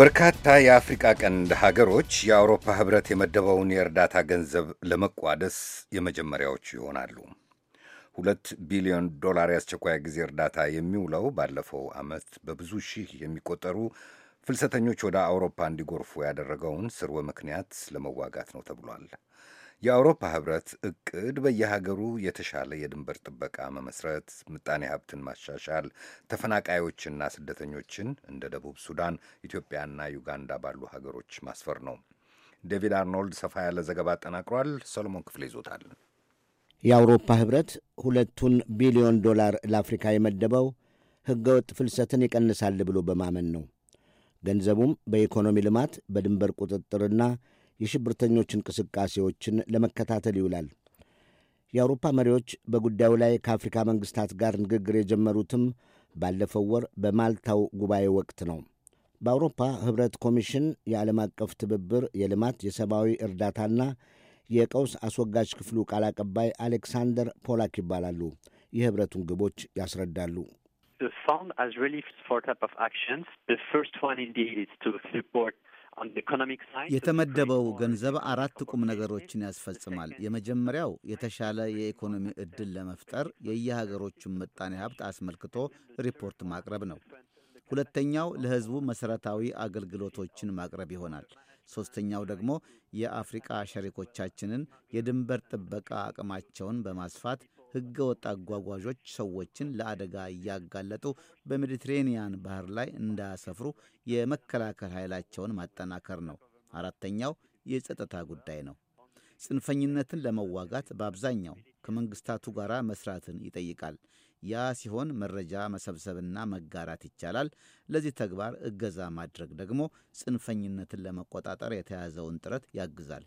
በርካታ የአፍሪቃ ቀንድ ሀገሮች የአውሮፓ ህብረት የመደበውን የእርዳታ ገንዘብ ለመቋደስ የመጀመሪያዎቹ ይሆናሉ። ሁለት ቢሊዮን ዶላር የአስቸኳይ ጊዜ እርዳታ የሚውለው ባለፈው ዓመት በብዙ ሺህ የሚቆጠሩ ፍልሰተኞች ወደ አውሮፓ እንዲጎርፉ ያደረገውን ስርወ ምክንያት ለመዋጋት ነው ተብሏል። የአውሮፓ ህብረት እቅድ በየሀገሩ የተሻለ የድንበር ጥበቃ መመስረት፣ ምጣኔ ሀብትን ማሻሻል፣ ተፈናቃዮችና ስደተኞችን እንደ ደቡብ ሱዳን፣ ኢትዮጵያና ዩጋንዳ ባሉ ሀገሮች ማስፈር ነው። ዴቪድ አርኖልድ ሰፋ ያለ ዘገባ አጠናቅሯል። ሰሎሞን ክፍሌ ይዞታል። የአውሮፓ ህብረት ሁለቱን ቢሊዮን ዶላር ለአፍሪካ የመደበው ህገወጥ ፍልሰትን ይቀንሳል ብሎ በማመን ነው። ገንዘቡም በኢኮኖሚ ልማት፣ በድንበር ቁጥጥርና የሽብርተኞች እንቅስቃሴዎችን ለመከታተል ይውላል። የአውሮፓ መሪዎች በጉዳዩ ላይ ከአፍሪካ መንግሥታት ጋር ንግግር የጀመሩትም ባለፈው ወር በማልታው ጉባኤ ወቅት ነው። በአውሮፓ ኅብረት ኮሚሽን የዓለም አቀፍ ትብብር የልማት የሰብአዊ እርዳታና የቀውስ አስወጋጅ ክፍሉ ቃል አቀባይ አሌክሳንደር ፖላክ ይባላሉ። የኅብረቱን ግቦች ያስረዳሉ። የተመደበው ገንዘብ አራት ቁም ነገሮችን ያስፈጽማል። የመጀመሪያው የተሻለ የኢኮኖሚ ዕድል ለመፍጠር የየሀገሮቹን ምጣኔ ሀብት አስመልክቶ ሪፖርት ማቅረብ ነው። ሁለተኛው ለሕዝቡ መሠረታዊ አገልግሎቶችን ማቅረብ ይሆናል። ሶስተኛው ደግሞ የአፍሪቃ ሸሪኮቻችንን የድንበር ጥበቃ አቅማቸውን በማስፋት ሕገ ወጥ አጓጓዦች ሰዎችን ለአደጋ እያጋለጡ በሜዲትሬንያን ባህር ላይ እንዳያሰፍሩ የመከላከል ኃይላቸውን ማጠናከር ነው። አራተኛው የጸጥታ ጉዳይ ነው። ጽንፈኝነትን ለመዋጋት በአብዛኛው ከመንግስታቱ ጋር መስራትን ይጠይቃል። ያ ሲሆን መረጃ መሰብሰብና መጋራት ይቻላል። ለዚህ ተግባር እገዛ ማድረግ ደግሞ ጽንፈኝነትን ለመቆጣጠር የተያዘውን ጥረት ያግዛል።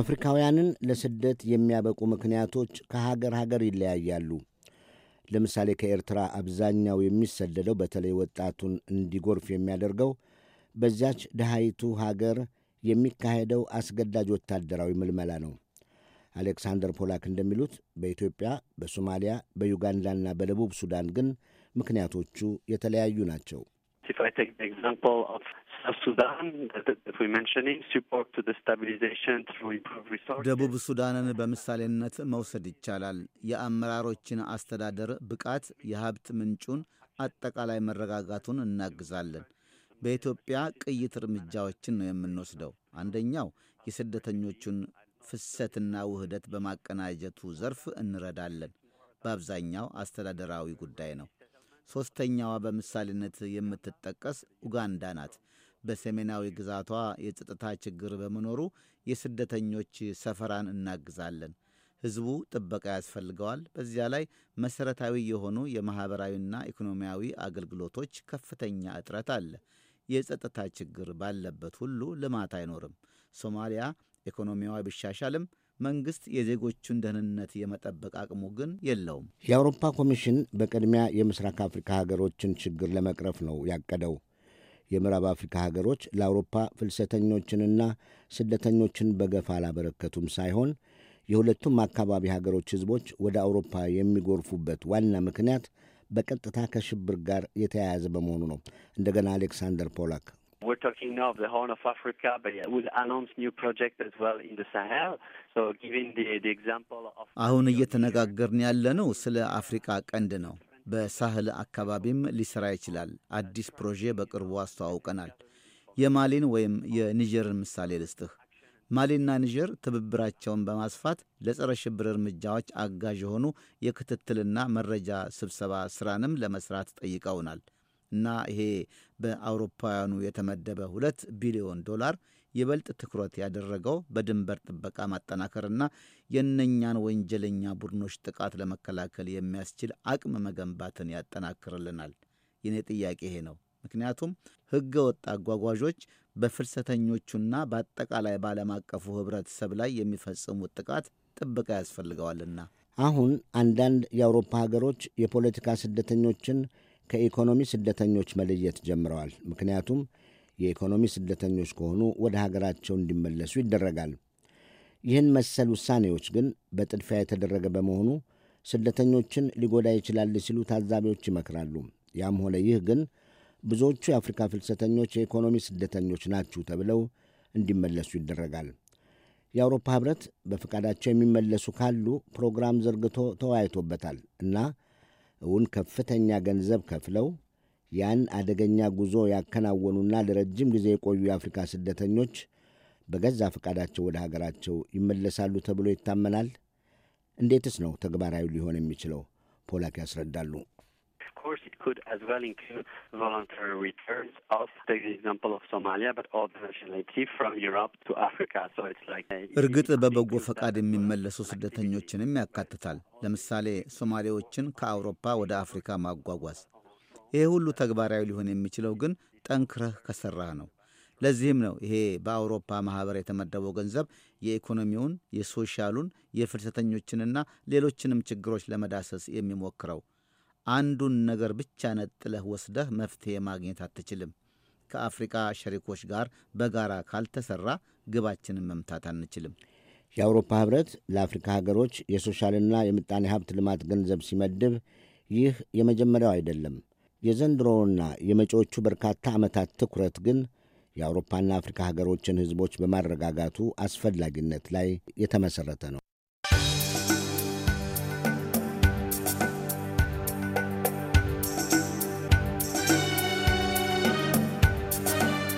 አፍሪካውያንን ለስደት የሚያበቁ ምክንያቶች ከሀገር ሀገር ይለያያሉ። ለምሳሌ ከኤርትራ አብዛኛው የሚሰደደው በተለይ ወጣቱን እንዲጎርፍ የሚያደርገው በዚያች ድሃይቱ ሀገር የሚካሄደው አስገዳጅ ወታደራዊ ምልመላ ነው። አሌክሳንደር ፖላክ እንደሚሉት በኢትዮጵያ፣ በሶማሊያ፣ በዩጋንዳና በደቡብ ሱዳን ግን ምክንያቶቹ የተለያዩ ናቸው። ደቡብ ሱዳንን በምሳሌነት መውሰድ ይቻላል። የአመራሮችን አስተዳደር ብቃት፣ የሀብት ምንጩን፣ አጠቃላይ መረጋጋቱን እናግዛለን። በኢትዮጵያ ቅይት እርምጃዎችን ነው የምንወስደው። አንደኛው የስደተኞቹን ፍሰትና ውህደት በማቀናጀቱ ዘርፍ እንረዳለን። በአብዛኛው አስተዳደራዊ ጉዳይ ነው። ሦስተኛዋ በምሳሌነት የምትጠቀስ ኡጋንዳ ናት። በሰሜናዊ ግዛቷ የጸጥታ ችግር በመኖሩ የስደተኞች ሰፈራን እናግዛለን። ሕዝቡ ጥበቃ ያስፈልገዋል። በዚያ ላይ መሠረታዊ የሆኑ የማኅበራዊና ኢኮኖሚያዊ አገልግሎቶች ከፍተኛ እጥረት አለ። የጸጥታ ችግር ባለበት ሁሉ ልማት አይኖርም። ሶማሊያ ኢኮኖሚዋ ቢሻሻልም መንግሥት የዜጎቹን ደህንነት የመጠበቅ አቅሙ ግን የለውም። የአውሮፓ ኮሚሽን በቅድሚያ የምስራክ አፍሪካ ሀገሮችን ችግር ለመቅረፍ ነው ያቀደው። የምዕራብ አፍሪካ ሀገሮች ለአውሮፓ ፍልሰተኞችንና ስደተኞችን በገፋ አላበረከቱም ሳይሆን የሁለቱም አካባቢ ሀገሮች ሕዝቦች ወደ አውሮፓ የሚጎርፉበት ዋና ምክንያት በቀጥታ ከሽብር ጋር የተያያዘ በመሆኑ ነው። እንደገና አሌክሳንደር ፖላክ We're talking now of the Horn of Africa, but we'll announce new projects as well in the Sahel. So giving the, the example of... አሁን እየተነጋገርን ያለነው ስለ አፍሪካ ቀንድ ነው። በሳህል አካባቢም ሊሰራ ይችላል። አዲስ ፕሮጄ በቅርቡ አስተዋውቀናል። የማሊን ወይም የኒጀርን ምሳሌ ልስጥህ። ማሊና ኒጀር ትብብራቸውን በማስፋት ለጸረ ሽብር እርምጃዎች አጋዥ የሆኑ የክትትልና መረጃ ስብሰባ ስራንም ለመስራት ጠይቀውናል። እና ይሄ በአውሮፓውያኑ የተመደበ ሁለት ቢሊዮን ዶላር ይበልጥ ትኩረት ያደረገው በድንበር ጥበቃ ማጠናከርና የእነኛን ወንጀለኛ ቡድኖች ጥቃት ለመከላከል የሚያስችል አቅም መገንባትን ያጠናክርልናል። የኔ ጥያቄ ይሄ ነው። ምክንያቱም ሕገ ወጥ አጓጓዦች በፍልሰተኞቹና በአጠቃላይ በዓለም አቀፉ ኅብረተሰብ ላይ የሚፈጽሙት ጥቃት ጥበቃ ያስፈልገዋልና አሁን አንዳንድ የአውሮፓ ሀገሮች የፖለቲካ ስደተኞችን ከኢኮኖሚ ስደተኞች መለየት ጀምረዋል። ምክንያቱም የኢኮኖሚ ስደተኞች ከሆኑ ወደ ሀገራቸው እንዲመለሱ ይደረጋል። ይህን መሰል ውሳኔዎች ግን በጥድፊያ የተደረገ በመሆኑ ስደተኞችን ሊጎዳ ይችላል ሲሉ ታዛቢዎች ይመክራሉ። ያም ሆነ ይህ ግን ብዙዎቹ የአፍሪካ ፍልሰተኞች የኢኮኖሚ ስደተኞች ናችሁ ተብለው እንዲመለሱ ይደረጋል። የአውሮፓ ሕብረት በፈቃዳቸው የሚመለሱ ካሉ ፕሮግራም ዘርግቶ ተወያይቶበታል እና እውን ከፍተኛ ገንዘብ ከፍለው ያን አደገኛ ጉዞ ያከናወኑና ለረጅም ጊዜ የቆዩ የአፍሪካ ስደተኞች በገዛ ፈቃዳቸው ወደ ሀገራቸው ይመለሳሉ ተብሎ ይታመናል? እንዴትስ ነው ተግባራዊ ሊሆን የሚችለው? ፖላክ ያስረዳሉ። Of course, it could as well include voluntary returns of, the example of Somalia, but all the nationality from Europe to Africa. So it's like እርግጥ በበጎ ፈቃድ የሚመለሱ ስደተኞችንም ያካትታል። ለምሳሌ ሶማሌዎችን ከአውሮፓ ወደ አፍሪካ ማጓጓዝ። ይሄ ሁሉ ተግባራዊ ሊሆን የሚችለው ግን ጠንክረህ ከሠራህ ነው። ለዚህም ነው ይሄ በአውሮፓ ማህበር የተመደበው ገንዘብ የኢኮኖሚውን፣ የሶሻሉን፣ የፍልሰተኞችንና ሌሎችንም ችግሮች ለመዳሰስ የሚሞክረው። አንዱን ነገር ብቻ ነጥለህ ወስደህ መፍትሄ ማግኘት አትችልም። ከአፍሪቃ ሸሪኮች ጋር በጋራ ካልተሰራ ግባችንን መምታት አንችልም። የአውሮፓ ህብረት ለአፍሪካ ሀገሮች የሶሻልና የምጣኔ ሀብት ልማት ገንዘብ ሲመድብ ይህ የመጀመሪያው አይደለም። የዘንድሮውና የመጪዎቹ በርካታ ዓመታት ትኩረት ግን የአውሮፓና አፍሪካ ሀገሮችን ህዝቦች በማረጋጋቱ አስፈላጊነት ላይ የተመሠረተ ነው።